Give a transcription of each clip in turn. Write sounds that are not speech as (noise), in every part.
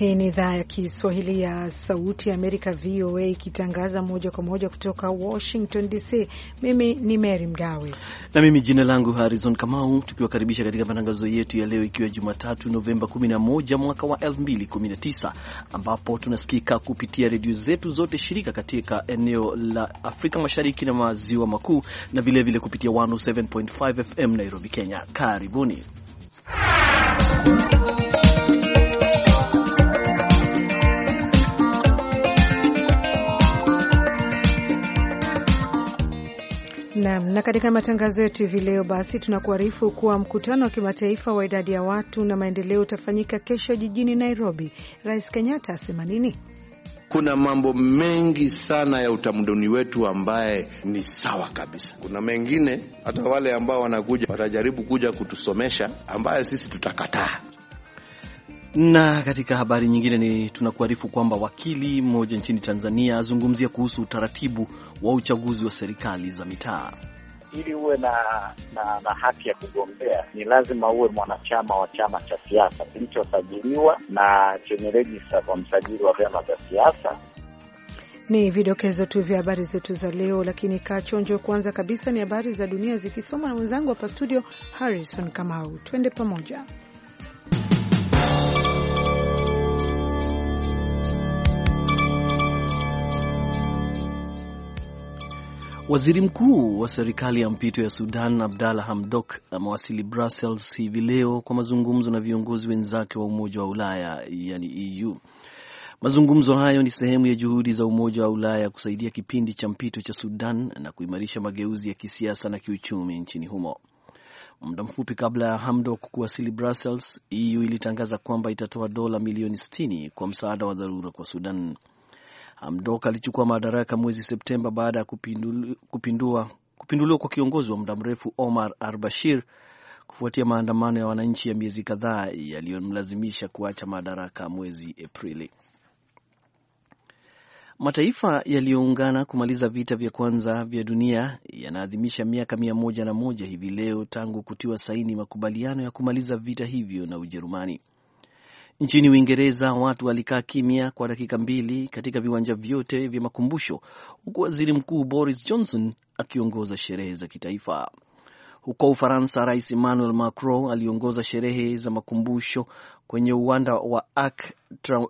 Hii ni idhaa ya Kiswahili ya Sauti ya Amerika, VOA, ikitangaza moja kwa moja kutoka Washington DC. Mimi ni Mary Mgawe na mimi jina langu Harrison Kamau, tukiwakaribisha katika matangazo yetu ya leo, ikiwa Jumatatu Novemba 11 mwaka wa 2019, ambapo tunasikika kupitia redio zetu zote shirika katika eneo la Afrika Mashariki na Maziwa Makuu, na vilevile kupitia 107.5 FM Nairobi, Kenya. Karibuni Naam, na katika matangazo yetu hivi leo basi tunakuarifu kuwa mkutano wa kimataifa wa idadi ya watu na maendeleo utafanyika kesho jijini Nairobi. Rais Kenyatta asema nini? Kuna mambo mengi sana ya utamaduni wetu ambaye ni sawa kabisa. Kuna mengine hata wale ambao wanakuja watajaribu kuja kutusomesha, ambaye sisi tutakataa. Na katika habari nyingine ni tunakuarifu kwamba wakili mmoja nchini Tanzania azungumzia kuhusu utaratibu wa uchaguzi wa serikali za mitaa. Ili uwe na, na na haki ya kugombea ni lazima uwe mwanachama wa chama cha siasa kilichosajiliwa na chenye rejista kwa msajili wa vyama vya siasa. Ni vidokezo tu vya habari zetu za leo, lakini kaa chonjo. Kwanza kabisa ni habari za dunia zikisoma na mwenzangu hapa studio Harrison Kamau. Twende pamoja. Waziri mkuu wa serikali ya mpito ya Sudan Abdalla Hamdok amewasili Brussels hivi leo kwa mazungumzo na viongozi wenzake wa Umoja wa Ulaya yani EU. Mazungumzo hayo ni sehemu ya juhudi za Umoja wa Ulaya kusaidia kipindi cha mpito cha Sudan na kuimarisha mageuzi ya kisiasa na kiuchumi nchini humo. Muda mfupi kabla ya Hamdok kuwasili Brussels, EU ilitangaza kwamba itatoa dola milioni 60 kwa msaada wa dharura kwa Sudan amdok alichukua madaraka mwezi Septemba baada ya kupindua, kupinduliwa kwa kiongozi wa muda mrefu Omar al-Bashir kufuatia maandamano ya wananchi ya miezi kadhaa yaliyomlazimisha kuacha madaraka mwezi Aprili. Mataifa yaliyoungana kumaliza vita vya kwanza vya dunia yanaadhimisha miaka mia moja na moja hivi leo tangu kutiwa saini makubaliano ya kumaliza vita hivyo na Ujerumani. Nchini Uingereza watu walikaa kimya kwa dakika mbili katika viwanja vyote vya makumbusho huku waziri mkuu Boris Johnson akiongoza sherehe za kitaifa. Huko Ufaransa, rais Emmanuel Macron aliongoza sherehe za makumbusho kwenye uwanda wa Arc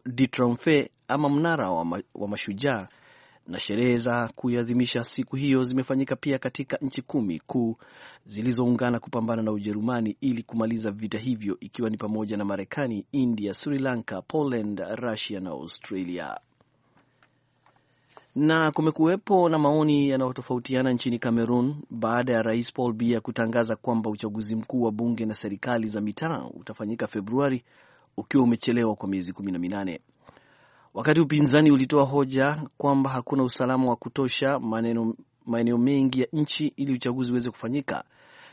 de Triomphe ama mnara wa mashujaa na sherehe za kuiadhimisha siku hiyo zimefanyika pia katika nchi kumi kuu zilizoungana kupambana na Ujerumani ili kumaliza vita hivyo, ikiwa ni pamoja na Marekani, India, Sri Lanka, Poland, Russia na Australia. Na kumekuwepo na maoni yanayotofautiana nchini Cameroon baada ya Rais Paul Biya kutangaza kwamba uchaguzi mkuu wa bunge na serikali za mitaa utafanyika Februari ukiwa umechelewa kwa miezi kumi na minane Wakati upinzani ulitoa hoja kwamba hakuna usalama wa kutosha maeneo mengi ya nchi ili uchaguzi uweze kufanyika,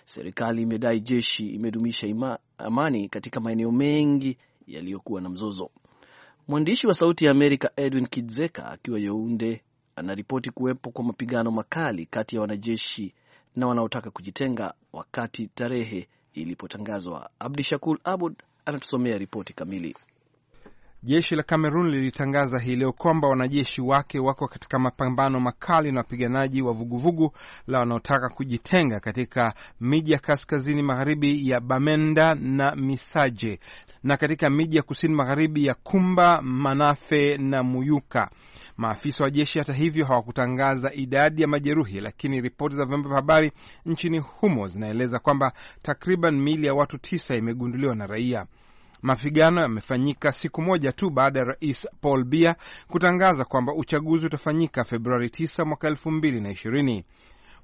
serikali imedai jeshi imedumisha ima, amani katika maeneo mengi yaliyokuwa na mzozo. Mwandishi wa Sauti ya Amerika Edwin Kidzeka akiwa younde anaripoti kuwepo kwa mapigano makali kati ya wanajeshi na wanaotaka kujitenga wakati tarehe ilipotangazwa. Abdi Shakur Abud anatusomea ripoti kamili. Jeshi la Kamerun lilitangaza hii leo kwamba wanajeshi wake wako katika mapambano makali na wapiganaji wa vuguvugu la wanaotaka kujitenga katika miji ya kaskazini magharibi ya Bamenda na Misaje na katika miji ya kusini magharibi ya Kumba, Manafe na Muyuka. Maafisa wa jeshi hata hivyo hawakutangaza idadi ya majeruhi, lakini ripoti za vyombo vya habari nchini humo zinaeleza kwamba takriban miili ya watu tisa imegunduliwa na raia. Mapigano yamefanyika siku moja tu baada ya rais Paul Bia kutangaza kwamba uchaguzi utafanyika Februari 9 mwaka 2020.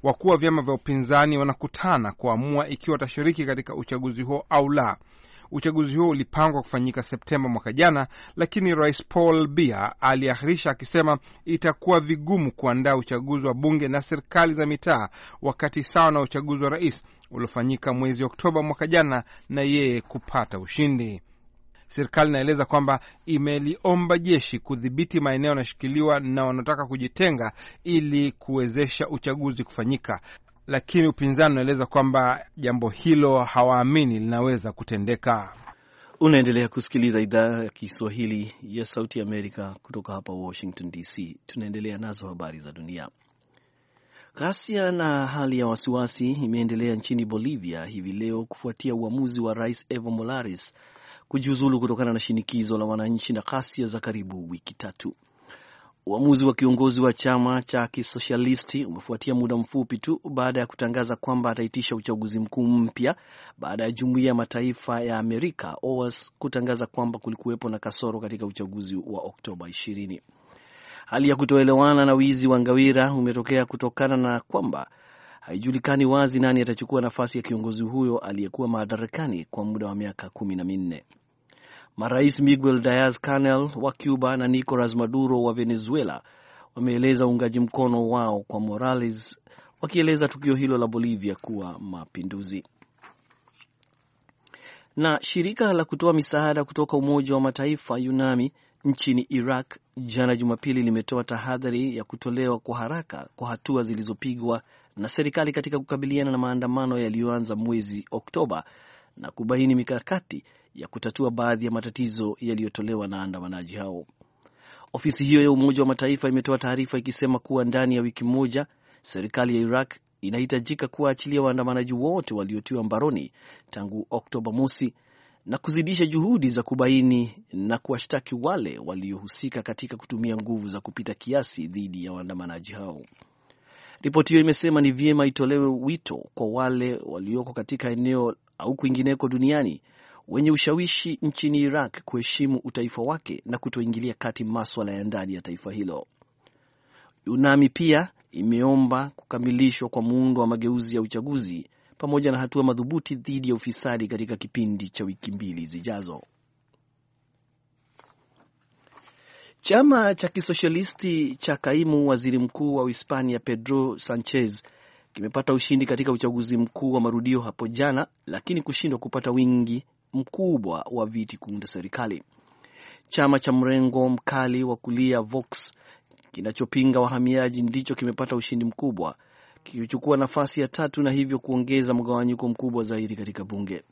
Wakuu wa vyama vya upinzani wanakutana kuamua ikiwa watashiriki katika uchaguzi huo au la. Uchaguzi huo ulipangwa kufanyika Septemba mwaka jana, lakini rais Paul Bia aliahirisha akisema itakuwa vigumu kuandaa uchaguzi wa bunge na serikali za mitaa wakati sawa na uchaguzi wa rais uliofanyika mwezi Oktoba mwaka jana na yeye kupata ushindi. Serikali inaeleza kwamba imeliomba jeshi kudhibiti maeneo yanayoshikiliwa na wanaotaka kujitenga ili kuwezesha uchaguzi kufanyika, lakini upinzani unaeleza kwamba jambo hilo hawaamini linaweza kutendeka. Unaendelea kusikiliza idhaa ya Kiswahili ya Sauti ya Amerika kutoka hapa Washington DC. Tunaendelea nazo habari za dunia. Ghasia na hali ya wasiwasi imeendelea nchini Bolivia hivi leo kufuatia uamuzi wa Rais Evo Morales kujiuzulu kutokana na shinikizo la wananchi na ghasia za karibu wiki tatu. Uamuzi wa kiongozi wa chama cha kisosialisti umefuatia muda mfupi tu baada ya kutangaza kwamba ataitisha uchaguzi mkuu mpya baada ya Jumuiya ya Mataifa ya Amerika OAS kutangaza kwamba kulikuwepo na kasoro katika uchaguzi wa Oktoba ishirini Hali ya kutoelewana na wizi wa ngawira umetokea kutokana na kwamba haijulikani wazi nani atachukua nafasi ya kiongozi huyo aliyekuwa madarakani kwa muda wa miaka kumi na minne. Marais Miguel Diaz Canel wa Cuba na Nicolas Maduro wa Venezuela wameeleza uungaji mkono wao kwa Morales, wakieleza tukio hilo la Bolivia kuwa mapinduzi. Na shirika la kutoa misaada kutoka Umoja wa Mataifa UNAMI nchini Iraq jana Jumapili limetoa tahadhari ya kutolewa kwa haraka kwa hatua zilizopigwa na serikali katika kukabiliana na maandamano yaliyoanza mwezi Oktoba na kubaini mikakati ya kutatua baadhi ya matatizo yaliyotolewa na waandamanaji hao. Ofisi hiyo ya Umoja wa Mataifa imetoa taarifa ikisema kuwa ndani ya wiki moja serikali ya Iraq inahitajika kuwaachilia waandamanaji wote waliotiwa mbaroni tangu Oktoba mosi na kuzidisha juhudi za kubaini na kuwashtaki wale waliohusika katika kutumia nguvu za kupita kiasi dhidi ya waandamanaji hao. Ripoti hiyo imesema ni vyema itolewe wito kwa wale walioko katika eneo au kwingineko duniani wenye ushawishi nchini Iraq kuheshimu utaifa wake na kutoingilia kati maswala ya ndani ya taifa hilo. UNAMI pia imeomba kukamilishwa kwa muundo wa mageuzi ya uchaguzi pamoja na hatua madhubuti dhidi ya ufisadi katika kipindi cha wiki mbili zijazo. Chama cha kisosialisti cha kaimu waziri mkuu wa Uhispania Pedro Sanchez kimepata ushindi katika uchaguzi mkuu wa marudio hapo jana, lakini kushindwa kupata wingi mkubwa wa viti kuunda serikali. Chama cha mrengo mkali wa kulia Vox kinachopinga wahamiaji ndicho kimepata ushindi mkubwa kichukua nafasi ya tatu na hivyo kuongeza mgawanyiko mkubwa zaidi katika bunge.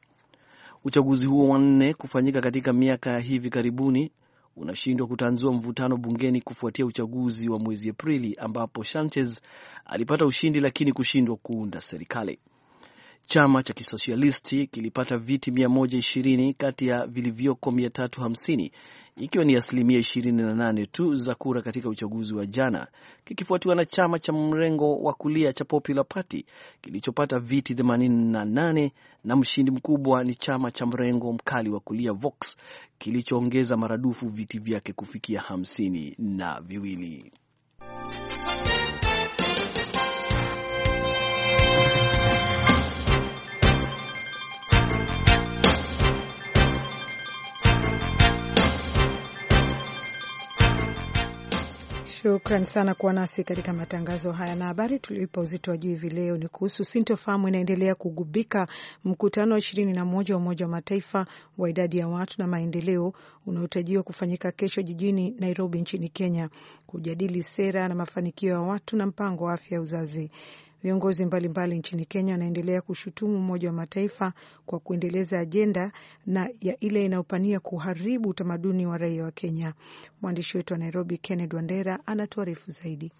Uchaguzi huo wanne kufanyika katika miaka ya hivi karibuni unashindwa kutanzua mvutano bungeni kufuatia uchaguzi wa mwezi Aprili ambapo Sanchez alipata ushindi lakini kushindwa kuunda serikali. Chama cha kisosialisti kilipata viti 120 kati ya vilivyoko 350 ikiwa ni asilimia 28 tu za kura katika uchaguzi wa jana, kikifuatiwa na chama cha mrengo wa kulia cha Popular Party kilichopata viti 88 na mshindi mkubwa ni chama cha mrengo mkali wa kulia Vox kilichoongeza maradufu viti vyake kufikia hamsini na viwili. Shukran sana kuwa nasi katika matangazo haya, na habari tulioipa uzito wa juu hivi leo ni kuhusu sintofahamu inaendelea kugubika mkutano wa ishirini na moja wa Umoja wa Mataifa wa idadi ya watu na maendeleo unaotarajiwa kufanyika kesho jijini Nairobi nchini Kenya, kujadili sera na mafanikio ya watu na mpango wa afya ya uzazi. Viongozi mbalimbali nchini Kenya wanaendelea kushutumu Umoja wa Mataifa kwa kuendeleza ajenda na ya ile inayopania kuharibu utamaduni wa raia wa Kenya. Mwandishi wetu wa Nairobi, Kenneth Wandera, anatuarifu zaidi.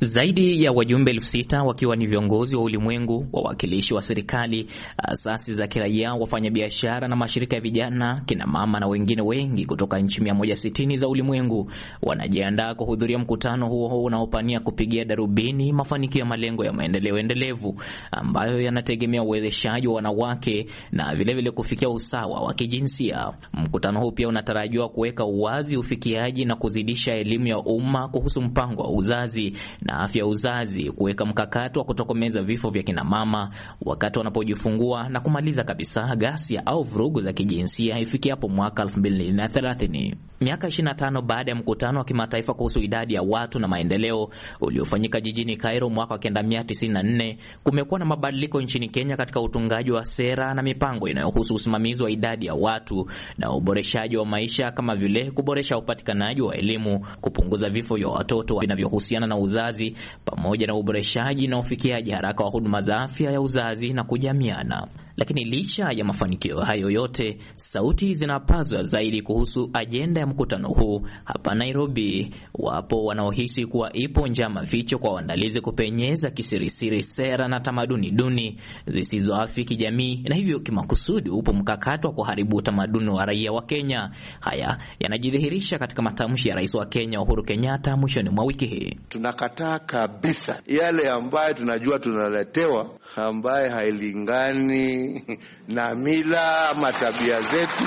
Zaidi ya wajumbe elfu sita wakiwa ni viongozi wa ulimwengu, wawakilishi wa serikali, asasi za kiraia, wafanyabiashara na mashirika ya vijana, kina mama na wengine wengi kutoka nchi 160 za ulimwengu wanajiandaa kuhudhuria mkutano huo unaopania kupigia darubini mafanikio ya malengo ya maendeleo endelevu ambayo yanategemea uwezeshaji wa wanawake na vilevile vile kufikia usawa wa kijinsia. Mkutano huu pia unatarajiwa kuweka uwazi, ufikiaji na kuzidisha elimu ya umma kuhusu mpango wa uzazi na afya uzazi kuweka mkakati wa kutokomeza vifo vya kinamama wakati wanapojifungua na kumaliza kabisa ghasia au vurugu za kijinsia ifikiapo mwaka 2030. Miaka 25 baada ya mkutano wa kimataifa kuhusu idadi ya watu na maendeleo uliofanyika jijini Cairo mwaka wa 1994, kumekuwa na mabadiliko nchini Kenya katika utungaji wa sera na mipango inayohusu usimamizi wa idadi ya watu na uboreshaji wa maisha kama vile kuboresha upatikanaji wa elimu, kupunguza vifo vya watoto vinavyohusiana na uzazi uzazi pamoja na uboreshaji na ufikiaji haraka wa huduma za afya ya uzazi na kujamiana. Lakini licha ya mafanikio hayo yote, sauti zinapazwa zaidi kuhusu ajenda ya mkutano huu hapa Nairobi. Wapo wanaohisi kuwa ipo njama ficho kwa waandalizi kupenyeza kisirisiri sera na tamaduni duni zisizoafiki jamii, na hivyo kimakusudi upo mkakato wa kuharibu utamaduni wa raia wa Kenya. Haya yanajidhihirisha katika matamshi ya rais wa Kenya Uhuru Kenyatta mwishoni mwa wiki hii. Tunakataa kabisa yale ambayo tunajua tunaletewa, ambaye hailingani (laughs) na mila ama tabia zetu.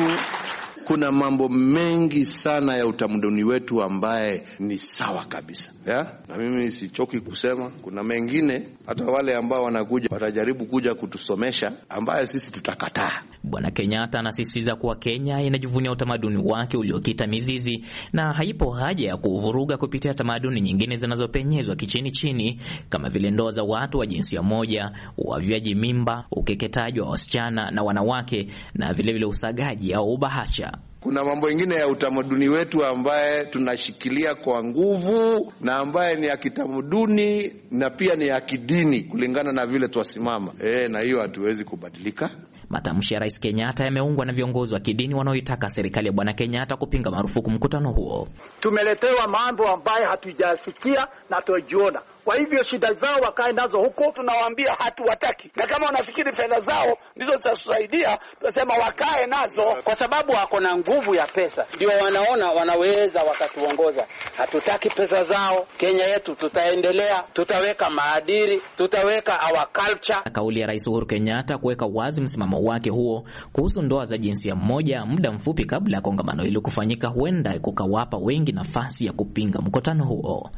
Kuna mambo mengi sana ya utamaduni wetu ambaye ni sawa kabisa ya? Na mimi sichoki kusema kuna mengine hata wale ambao wanakuja watajaribu kuja kutusomesha ambaye sisi tutakataa. Bwana Kenyatta anasisitiza kuwa Kenya inajivunia utamaduni wake uliokita mizizi na haipo haja ya kuvuruga kupitia tamaduni nyingine zinazopenyezwa kichini chini kama vile ndoa za watu wa jinsia moja, uavyaji mimba, ukeketaji wa wasichana na wanawake na vilevile vile usagaji au ubahasha. Kuna mambo mengine ya utamaduni wetu ambaye tunashikilia kwa nguvu na ambaye ni ya kitamaduni na pia ni ya kidini kulingana na vile twasimama. E, na hiyo hatuwezi kubadilika. Matamshi ya Rais Kenyatta yameungwa na viongozi wa kidini wanaoitaka serikali ya Bwana Kenyatta kupinga marufuku mkutano huo. Tumeletewa mambo ambayo hatujasikia na tujiona kwa hivyo shida zao wakae nazo huko, tunawaambia hatuwataki, na kama wanafikiri fedha zao ndizo zitatusaidia, tunasema wakae nazo, kwa sababu wako na nguvu ya pesa, ndio wanaona wanaweza wakatuongoza. Hatutaki pesa zao. Kenya yetu tutaendelea, tutaweka maadili, tutaweka our culture. Kauli ya Rais Uhuru Kenyatta kuweka wazi msimamo wake huo kuhusu ndoa za jinsia moja muda mfupi kabla ya kongamano hilo kufanyika, huenda kukawapa wengi nafasi ya kupinga mkutano huo.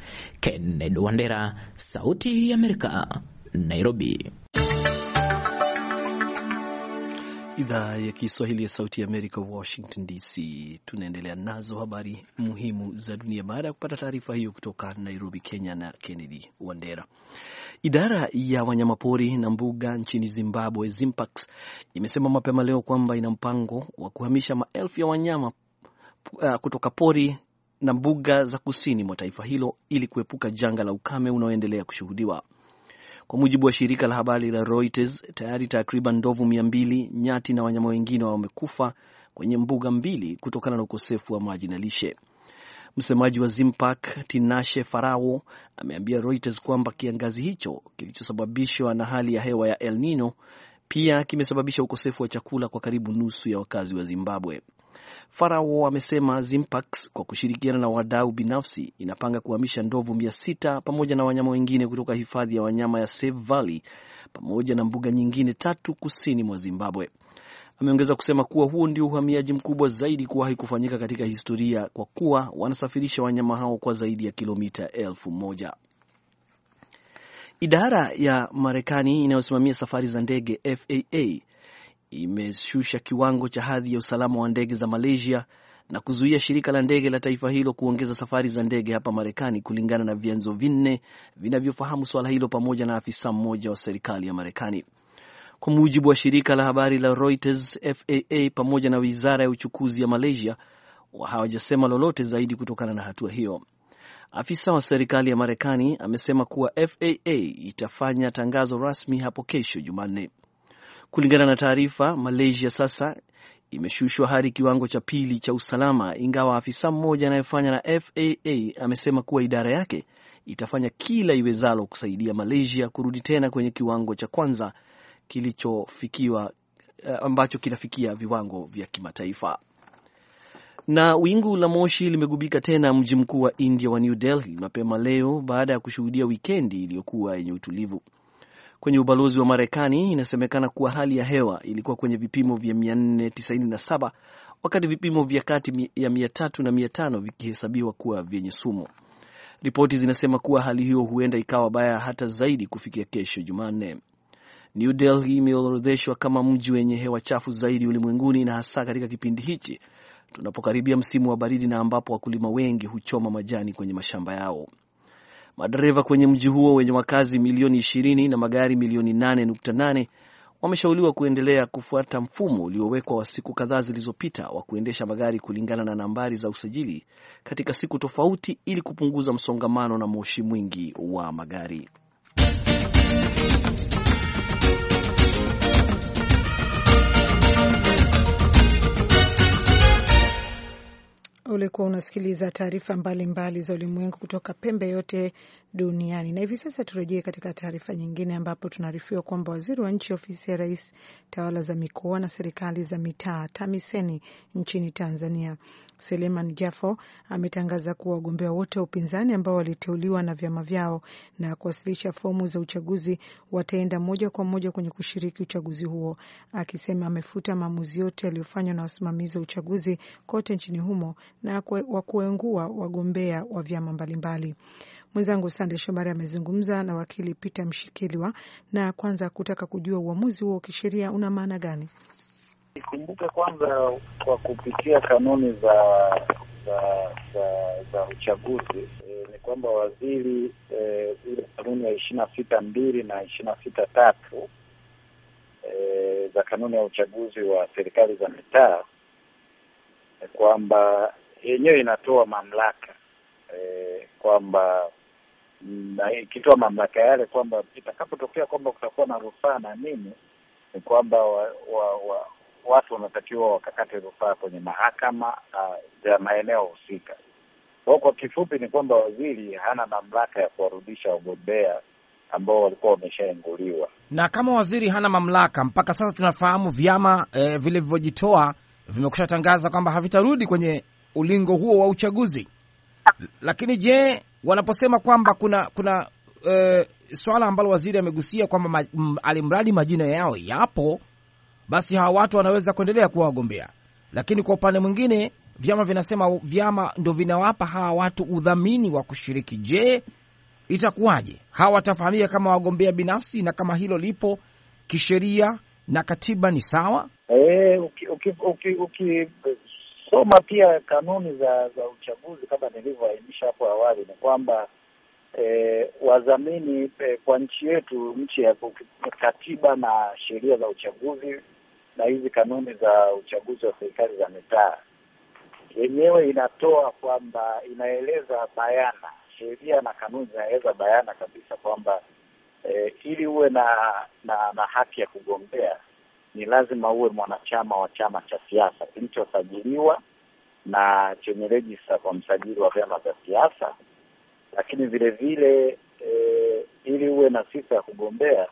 Kennedy Wandera, Sauti ya Amerika, Nairobi. Idhaa ya Kiswahili ya Sauti ya Amerika, Washington DC. Tunaendelea nazo habari muhimu za dunia baada ya kupata taarifa hiyo kutoka Nairobi, Kenya na Kennedy Wandera. Idara ya wanyamapori na mbuga nchini Zimbabwe, ZIMPAX, imesema mapema leo kwamba ina mpango wa kuhamisha maelfu ya wanyama uh, kutoka pori na mbuga za kusini mwa taifa hilo ili kuepuka janga la ukame unaoendelea kushuhudiwa. Kwa mujibu wa shirika la habari la Reuters, tayari takriban ndovu mia mbili, nyati na wanyama wengine wamekufa kwenye mbuga mbili kutokana na ukosefu wa maji na lishe. Msemaji wa Zimpak Tinashe Farao ameambia Reuters kwamba kiangazi hicho kilichosababishwa na hali ya hewa ya El Nino pia kimesababisha ukosefu wa chakula kwa karibu nusu ya wakazi wa Zimbabwe. Farao amesema Zimpax kwa kushirikiana na wadau binafsi inapanga kuhamisha ndovu mia sita pamoja na wanyama wengine kutoka hifadhi ya wanyama ya Save Valley pamoja na mbuga nyingine tatu kusini mwa Zimbabwe. Ameongeza kusema kuwa huo ndio uhamiaji mkubwa zaidi kuwahi kufanyika katika historia kwa kuwa wanasafirisha wanyama hao kwa zaidi ya kilomita elfu moja. Idara ya Marekani inayosimamia safari za ndege FAA imeshusha kiwango cha hadhi ya usalama wa ndege za Malaysia na kuzuia shirika la ndege la taifa hilo kuongeza safari za ndege hapa Marekani, kulingana na vyanzo vinne vinavyofahamu suala hilo pamoja na afisa mmoja wa serikali ya Marekani. Kwa mujibu wa shirika la habari la Reuters, FAA pamoja na wizara ya uchukuzi ya Malaysia hawajasema lolote zaidi kutokana na hatua hiyo. Afisa wa serikali ya Marekani amesema kuwa FAA itafanya tangazo rasmi hapo kesho Jumanne. Kulingana na taarifa, Malaysia sasa imeshushwa hadi kiwango cha pili cha usalama, ingawa afisa mmoja anayefanya na FAA amesema kuwa idara yake itafanya kila iwezalo kusaidia Malaysia kurudi tena kwenye kiwango cha kwanza kilichofikiwa eh, ambacho kinafikia viwango vya kimataifa. Na wingu la moshi limegubika tena mji mkuu wa India wa New Delhi mapema leo baada ya kushuhudia wikendi iliyokuwa yenye utulivu. Kwenye ubalozi wa Marekani inasemekana kuwa hali ya hewa ilikuwa kwenye vipimo vya 497 wakati vipimo vya kati ya 300 na 500 vikihesabiwa kuwa vyenye sumu. Ripoti zinasema kuwa hali hiyo huenda ikawa baya hata zaidi kufikia kesho Jumanne. New Delhi imeorodheshwa kama mji wenye hewa chafu zaidi ulimwenguni na hasa katika kipindi hichi tunapokaribia msimu wa baridi na ambapo wakulima wengi huchoma majani kwenye mashamba yao. Madereva kwenye mji huo wenye wakazi milioni 20 na magari milioni 8.8 wameshauriwa kuendelea kufuata mfumo uliowekwa wa siku kadhaa zilizopita wa kuendesha magari kulingana na nambari za usajili katika siku tofauti ili kupunguza msongamano na moshi mwingi wa magari. ulikuwa unasikiliza taarifa mbalimbali za ulimwengu kutoka pembe yote duniani. Na hivi sasa turejee katika taarifa nyingine, ambapo tunaarifiwa kwamba waziri wa nchi ofisi ya rais, tawala za mikoa na serikali za mitaa, tamiseni nchini Tanzania, Seleman Jafo ametangaza kuwa wagombea wote wa upinzani ambao waliteuliwa na vyama vyao na kuwasilisha fomu za uchaguzi wataenda moja kwa moja kwenye kushiriki uchaguzi huo, akisema amefuta maamuzi yote yaliyofanywa na wasimamizi wa uchaguzi kote nchini humo na wa kuengua wagombea wa vyama mbalimbali. Mwenzangu Sande Shomari amezungumza na wakili Peter Mshikiliwa na kwanza kutaka kujua uamuzi huo kisheria una maana gani. Ikumbuke kwanza kwa kupitia kanuni za za za, za uchaguzi e, ni kwamba waziri e, eh, ile kanuni ya ishirini na sita mbili na ishirini na sita tatu e, za kanuni ya uchaguzi wa serikali za mitaa, kwamba yenyewe inatoa mamlaka e, kwamba mm, na ikitoa mamlaka yale kwamba itakapotokea kwamba kutakuwa na rufaa na nini, ni kwamba wa, wa, wa, watu wanatakiwa wakakate rufaa kwenye mahakama za maeneo husika. Kwao kwa kifupi ni kwamba waziri hana mamlaka ya kuwarudisha wagombea ambao walikuwa wameshaenguliwa, na kama waziri hana mamlaka mpaka sasa tunafahamu vyama e, vilivyojitoa vimekusha tangaza kwamba havitarudi kwenye ulingo huo wa uchaguzi. Lakini je, wanaposema kwamba kuna kuna e, swala ambalo waziri amegusia kwamba ma, alimradi majina yao yapo, basi hawa watu wanaweza kuendelea kuwa wagombea. Lakini kwa upande mwingine vyama vinasema vyama ndo vinawapa hawa watu udhamini wa kushiriki. Je, itakuwaje? Hawa watafahamika kama wagombea binafsi, na kama hilo lipo kisheria na katiba ni sawa? E, uki, uki, uki, uki soma pia kanuni za za uchaguzi kama nilivyoainisha hapo awali, ni kwamba e, wadhamini e, kwa nchi yetu, nchi ya katiba na sheria za uchaguzi na hizi kanuni za uchaguzi wa serikali za mitaa yenyewe inatoa kwamba, inaeleza bayana, sheria na kanuni zinaeleza bayana kabisa kwamba e, ili uwe na, na na haki ya kugombea ni lazima uwe mwanachama wa chama cha siasa kilichosajiliwa na chenye rejista kwa msajili wa vyama vya siasa. Lakini vile vile e, ili uwe na sifa ya kugombea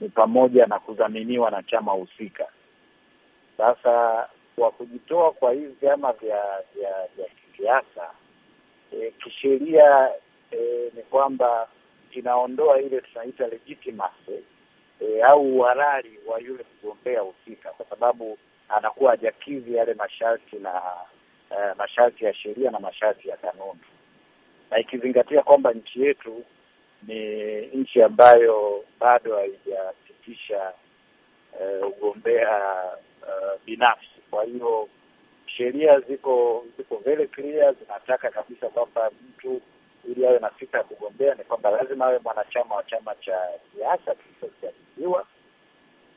ni pamoja na kudhaminiwa na chama husika. Sasa kwa kujitoa kwa hivi vyama vya vya kisiasa e, kisheria e, ni kwamba inaondoa ile tunaita legitimacy e, au uhalali wa yule mgombea husika, kwa sababu anakuwa hajakidhi yale masharti na e, masharti ya sheria na masharti ya kanuni, na ikizingatia kwamba nchi yetu ni nchi ambayo bado haijasitisha e, ugombea e, binafsi. Kwa hiyo sheria ziko ziko very clear, zinataka kabisa kwamba mtu ili awe na sifa ya kugombea ni kwamba lazima awe mwanachama wa chama cha siasa kilichochaguliwa,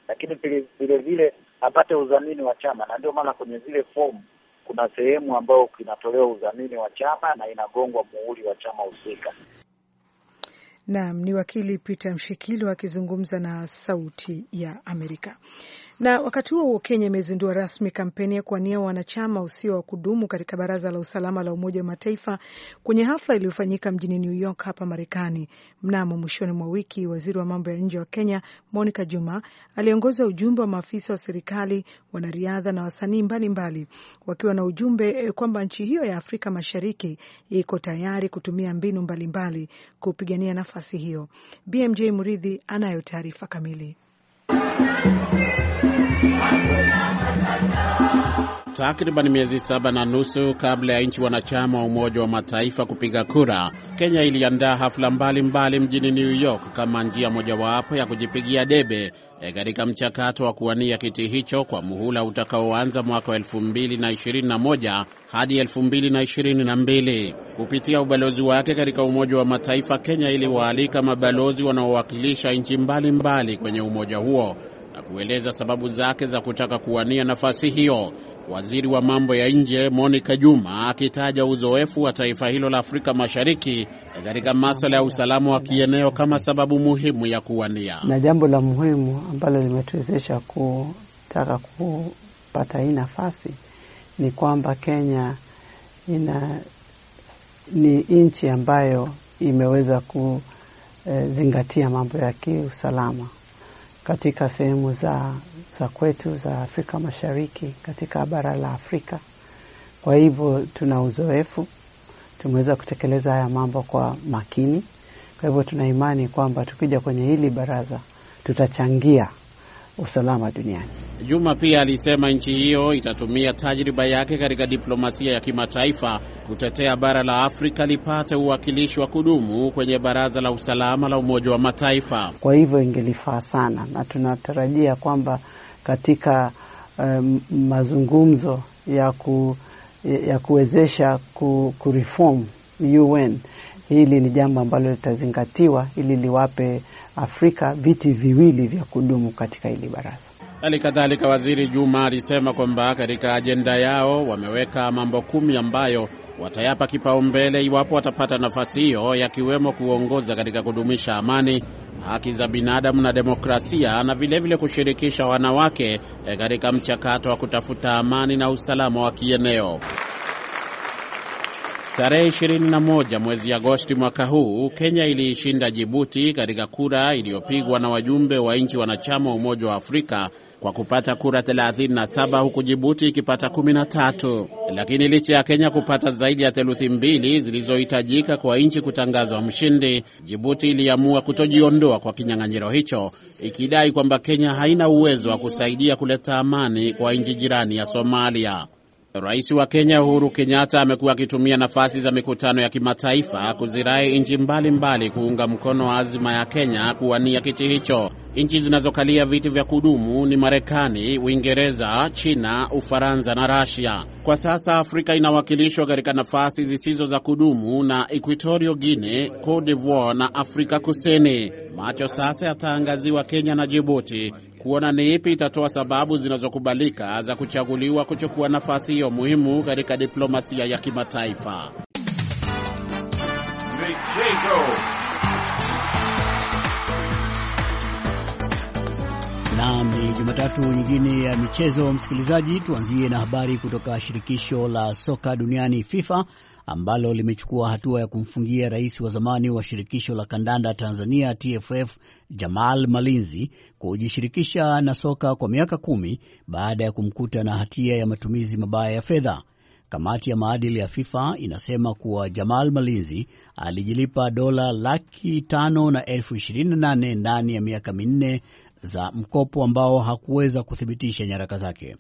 lakini vile vile apate udhamini wa chama, na ndio maana kwenye zile fomu kuna sehemu ambayo kinatolewa udhamini wa chama na inagongwa muhuri wa chama husika. Naam, ni wakili Peter Mshikilo akizungumza na Sauti ya Amerika. Na wakati huo huo, Kenya imezindua rasmi kampeni ya kuwania wanachama usio wa kudumu katika Baraza la Usalama la Umoja wa Mataifa kwenye hafla iliyofanyika mjini New York hapa Marekani mnamo mwishoni mwa wiki. Waziri wa mambo ya nje wa Kenya Monica Juma aliongoza ujumbe wa maafisa wa serikali, wanariadha na wasanii mbalimbali, wakiwa na ujumbe eh, kwamba nchi hiyo ya Afrika Mashariki iko tayari kutumia mbinu mbalimbali mbali kupigania nafasi hiyo. BMJ Muridhi anayo taarifa kamili. Takriban miezi saba na nusu kabla ya nchi wanachama wa Umoja wa Mataifa kupiga kura, Kenya iliandaa hafla mbalimbali mbali mjini New York kama njia mojawapo ya kujipigia debe eh, katika mchakato wa kuwania kiti hicho kwa muhula utakaoanza mwaka wa 2021 hadi 2022. Kupitia ubalozi wake katika Umoja wa Mataifa, Kenya iliwaalika mabalozi wanaowakilisha nchi mbalimbali kwenye umoja huo kueleza sababu zake za kutaka kuwania nafasi hiyo, waziri wa mambo ya nje Monica Juma akitaja uzoefu wa taifa hilo la Afrika Mashariki katika masuala ya usalama wa kieneo kama sababu muhimu ya kuwania. Na jambo la muhimu ambalo limetuwezesha kutaka kupata hii nafasi ni kwamba Kenya ina ni nchi ambayo imeweza kuzingatia mambo ya kiusalama katika sehemu za, za kwetu za Afrika Mashariki, katika bara la Afrika. Kwa hivyo tuna uzoefu, tumeweza kutekeleza haya mambo kwa makini. Kwa hivyo tuna imani kwamba tukija kwenye hili baraza tutachangia usalama duniani. Juma pia alisema nchi hiyo itatumia tajriba yake katika diplomasia ya kimataifa kutetea bara la Afrika lipate uwakilishi wa kudumu kwenye Baraza la Usalama la Umoja wa Mataifa. Kwa hivyo ingelifaa sana, na tunatarajia kwamba katika um, mazungumzo ya, ku, ya kuwezesha ku, kureform UN hili ni jambo ambalo litazingatiwa ili liwape Afrika viti viwili vya kudumu katika hili baraza. Hali kadhalika Waziri Juma alisema kwamba katika ajenda yao wameweka mambo kumi ambayo watayapa kipaumbele iwapo watapata nafasi hiyo, yakiwemo kuongoza katika kudumisha amani, haki za binadamu na demokrasia, na vilevile vile kushirikisha wanawake eh, katika mchakato wa kutafuta amani na usalama wa kieneo. Tarehe 21 mwezi Agosti mwaka huu Kenya iliishinda Jibuti katika kura iliyopigwa na wajumbe wa nchi wanachama wa Umoja wa Afrika kwa kupata kura 37 huku Jibuti ikipata 13. Lakini licha ya Kenya kupata zaidi ya theluthi mbili zilizohitajika kwa nchi kutangazwa mshindi, Jibuti iliamua kutojiondoa kwa kinyang'anyiro hicho, ikidai kwamba Kenya haina uwezo wa kusaidia kuleta amani kwa nchi jirani ya Somalia. Rais wa Kenya Uhuru Kenyatta amekuwa akitumia nafasi za mikutano ya kimataifa kuzirai nchi mbalimbali kuunga mkono azma ya Kenya kuwania kiti hicho. Nchi zinazokalia viti vya kudumu ni Marekani, Uingereza, China, Ufaransa na rasia Kwa sasa Afrika inawakilishwa katika nafasi zisizo za kudumu na Equatorial guine Cote d'Ivoire na Afrika Kusini. Macho sasa yataangaziwa Kenya na jibuti kuona ni ipi itatoa sababu zinazokubalika za kuchaguliwa kuchukua nafasi hiyo muhimu katika diplomasia ya kimataifa. Michezo. Nam, ni Jumatatu nyingine ya michezo, msikilizaji. Tuanzie na habari kutoka shirikisho la soka duniani FIFA ambalo limechukua hatua ya kumfungia rais wa zamani wa shirikisho la kandanda Tanzania TFF Jamal Malinzi kujishirikisha na soka kwa miaka kumi baada ya kumkuta na hatia ya matumizi mabaya ya fedha. Kamati ya maadili ya FIFA inasema kuwa Jamal Malinzi alijilipa dola laki tano na elfu ishirini na nane ndani ya miaka minne za mkopo ambao hakuweza kuthibitisha nyaraka zake.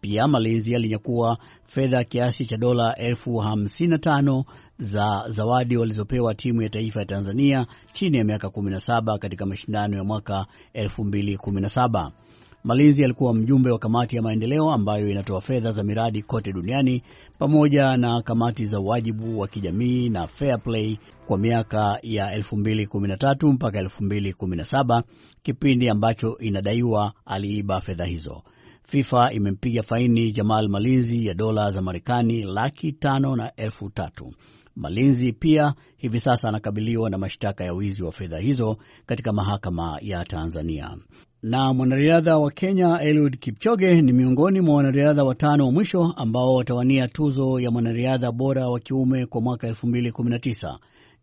Pia Malaysia alinyakua fedha kiasi cha dola elfu hamsini na tano za zawadi walizopewa timu ya taifa ya Tanzania chini ya miaka 17 katika mashindano ya mwaka 2017. Malaysia alikuwa mjumbe wa kamati ya maendeleo ambayo inatoa fedha za miradi kote duniani pamoja na kamati za wajibu wa kijamii na fair play kwa miaka ya 2013 mpaka 2017, kipindi ambacho inadaiwa aliiba fedha hizo. FIFA imempiga faini Jamal Malinzi ya dola za Marekani laki tano na elfu tatu. Malinzi pia hivi sasa anakabiliwa na mashtaka ya wizi wa fedha hizo katika mahakama ya Tanzania. Na mwanariadha wa Kenya Eliud Kipchoge ni miongoni mwa wanariadha watano wa mwisho ambao watawania tuzo ya mwanariadha bora wa kiume kwa mwaka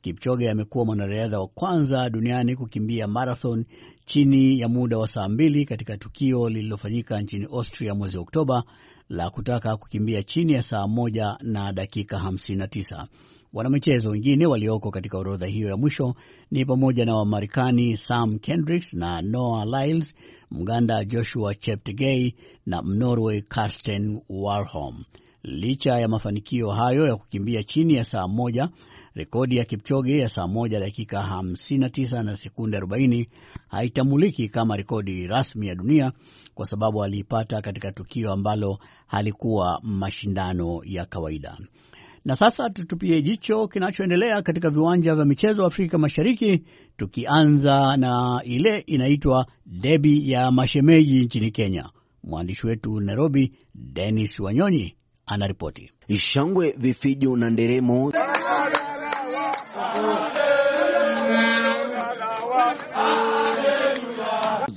Kipchoge amekuwa mwanariadha wa kwanza duniani kukimbia marathon chini ya muda wa saa mbili katika tukio lililofanyika nchini Austria mwezi Oktoba la kutaka kukimbia chini ya saa moja na dakika 59. Wanamichezo wengine walioko katika orodha hiyo ya mwisho ni pamoja na Wamarekani Sam Kendricks na Noah Lyles, Mganda Joshua Cheptegei na Mnorway Karsten Warholm. Licha ya mafanikio hayo ya kukimbia chini ya saa moja, rekodi ya Kipchoge ya saa moja dakika 59 na sekunde 40 haitambuliki kama rekodi rasmi ya dunia kwa sababu aliipata katika tukio ambalo halikuwa mashindano ya kawaida. Na sasa tutupie jicho kinachoendelea katika viwanja vya michezo Afrika Mashariki, tukianza na ile inaitwa debi ya mashemeji nchini Kenya. Mwandishi wetu Nairobi, Denis Wanyonyi anaripoti. Shangwe, vifijo na nderemo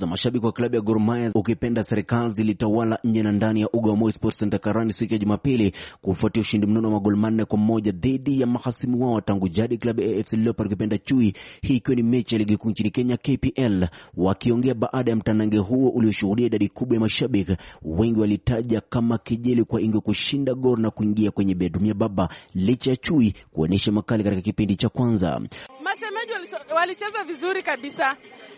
za mashabiki wa klabu ya Gor Mahia ukipenda serikali zilitawala nje na ndani ya uga wa Moi Sports Center Karani siku ya Jumapili kufuatia ushindi mnono wa magoli manne kwa moja dhidi ya mahasimu wao tangu jadi klabu ya AFC Leopards ukipenda chui, hii ikiwa ni mechi ya ligi kuu nchini Kenya KPL. Wakiongea baada ya mtanange huo ulioshuhudia idadi kubwa ya mashabiki, wengi walitaja kama kejeli kwa Inge kushinda Gor na kuingia kwenye bedroom ya baba licha ya chui kuonesha makali katika kipindi cha kwanza. Mashemeji walicheza vizuri kabisa,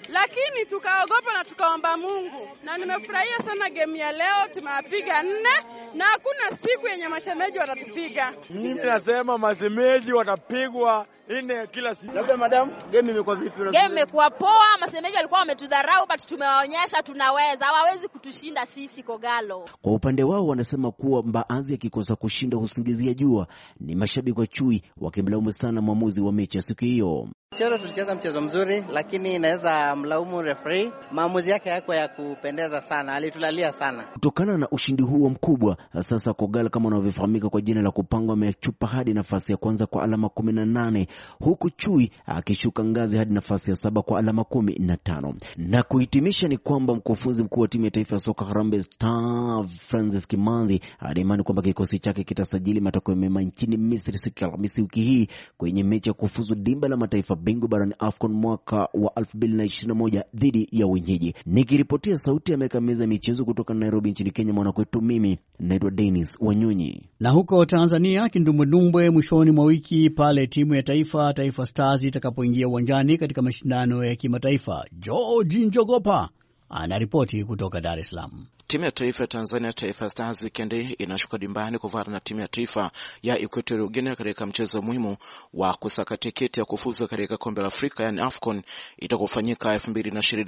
lakini tukaogopa na tukaomba Mungu, na nimefurahia sana game ya leo. Tumewapiga nne na hakuna siku yenye mashemeji watatupiga. Mimi nasema mashemeji watapigwa nne kila siku. Labda madam, game imekuwa vipi? Game imekuwa poa. Mashemeji walikuwa wametudharau, but tumewaonyesha tunaweza, hawawezi kutushinda sisi Kogalo. Kwa upande wao wanasema kuwa mbaazi akikosa kushinda husingizia jua. Ni mashabiki wa chui wakimlaumu sana mwamuzi wa mechi ya siku hiyo. Mchezo tulicheza mchezo mzuri, lakini inaweza mlaumu referee maamuzi yake yako ya kupendeza sana, alitulalia sana. Kutokana na ushindi huo mkubwa, sasa Kogal kama unavyofahamika kwa jina la kupangwa amechupa hadi nafasi ya kwanza kwa alama kumi na nane huku Chui akishuka ngazi hadi nafasi ya saba kwa alama kumi na tano na kuhitimisha ni kwamba mkufunzi mkuu wa timu ya taifa ya soka Harambee Stars Francis Kimanzi ana kwamba kikosi chake kitasajili matokeo mema nchini Misri siku ya Alhamisi wiki hii kwenye mechi ya kufuzu dimba la mataifa bingwa barani AFCON mwaka wa 2021 dhidi ya jiji. Nikiripotia Sauti ya Amerika, meza ya michezo kutoka Nairobi nchini Kenya, mwanakwetu, mimi naitwa denis Wanyonyi. Na huko Tanzania, kindumbwedumbwe mwishoni mwa wiki pale timu ya taifa Taifa Stars itakapoingia uwanjani katika mashindano ya kimataifa. George Njogopa anaripoti kutoka Dar es Salaam. Timu ya taifa ya Tanzania, Taifa Stars, wikendi inashuka dimbani kuvana na timu ya taifa ya Equatorial Guinea katika mchezo muhimu wa kusaka tiketi ya kufuzwa katika kombe la Afrika, yani AFCON itakofanyika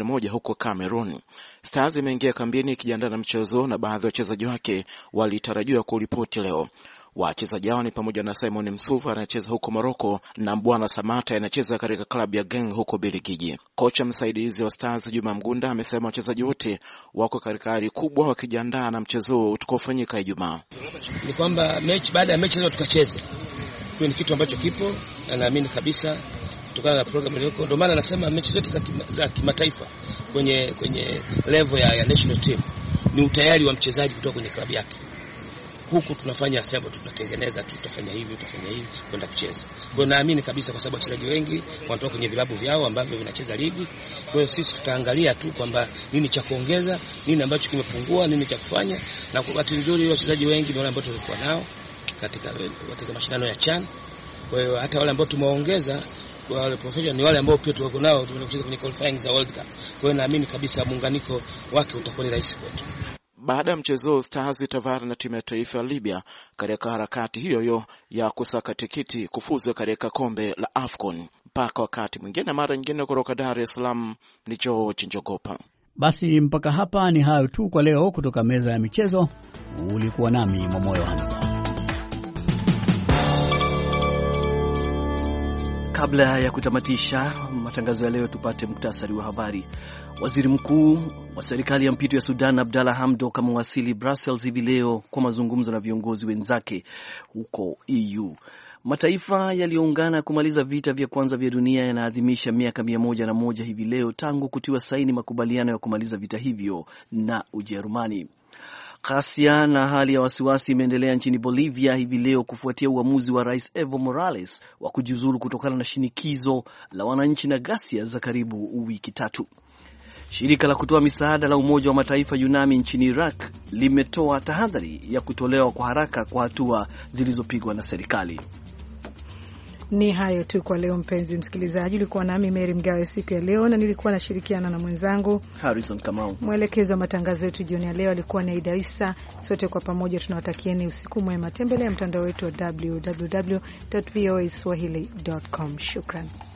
moja huko Cameroon. Stars imeingia kambini ikijiandaa na mchezo, na baadhi ya wachezaji wake walitarajiwa kuripoti leo. Wachezaji hao ni pamoja na Simon Msuva anayecheza huko Moroko na Mbwana Samata anayecheza katika klabu ya Geng huko Biligiji. Kocha msaidizi wa Stars Juma Mgunda amesema wachezaji wote wako katika hali kubwa wakijiandaa na mchezo huo utakaofanyika Ijumaa. Ni kwamba mechi baada ya mechi lazima tukacheze, hiyo ni kitu ambacho kipo na naamini kabisa kutokana na programu iliyoko, ndio maana nasema mechi zote za kimataifa kwenye, kwenye level ya, ya national team ni utayari wa mchezaji kutoka kwenye klabu yake huku tunafanya sema tutatengeneza, tutafanya hivi, tutafanya hivi kwenda kucheza. Kwa hiyo naamini kabisa, kwa sababu wachezaji wengi wanatoka kwenye vilabu vyao ambavyo vinacheza ligi. Kwa hiyo sisi tutaangalia tu kwamba nini cha kuongeza, nini ambacho kimepungua, nini cha kufanya. Na kwa bahati nzuri wachezaji wengi ni wale ambao tulikuwa nao katika, katika mashindano ya CHAN. Kwa hiyo hata wale ambao tumewaongeza wale professional ni wale ambao pia tuko nao tumekucheza kwenye qualifying za World Cup. Kwa hiyo naamini kabisa muunganiko wake utakuwa ni rahisi kwetu baada ya mchezo Stars itavara na timu ya taifa ya Libya katika harakati hiyo hiyo ya kusaka tikiti kufuzu katika kombe la AFCON. Mpaka wakati mwingine, mara nyingine, kutoka Dar es Salaam ni George Njogopa. Basi mpaka hapa ni hayo tu kwa leo, kutoka meza ya michezo. Ulikuwa nami Momoyo Hamza. Kabla ya kutamatisha matangazo ya leo, tupate muktasari wa habari. Waziri mkuu wa serikali ya mpito ya Sudan Abdalla Hamdok amewasili Brussels hivi leo kwa mazungumzo na viongozi wenzake huko EU. Mataifa yaliyoungana kumaliza vita vya kwanza vya dunia yanaadhimisha miaka mia moja na moja hivi leo tangu kutiwa saini makubaliano ya kumaliza vita hivyo na Ujerumani. Ghasia na hali ya wasiwasi imeendelea nchini Bolivia hivi leo kufuatia uamuzi wa Rais Evo Morales wa kujiuzulu kutokana na shinikizo la wananchi na ghasia za karibu wiki tatu. Shirika la kutoa misaada la Umoja wa Mataifa UNAMI nchini Iraq limetoa tahadhari ya kutolewa kwa haraka kwa hatua zilizopigwa na serikali. Ni hayo tu kwa leo, mpenzi msikilizaji. Ulikuwa nami Mary Mgawe siku ya leo, na nilikuwa nashirikiana na mwenzangu Harrison Kamau. Mwelekezi wa matangazo yetu jioni ya leo alikuwa ni Aida Isa. Sote kwa pamoja tunawatakieni usiku mwema. Tembelea mtandao wetu wa www voa swahili com. Shukran.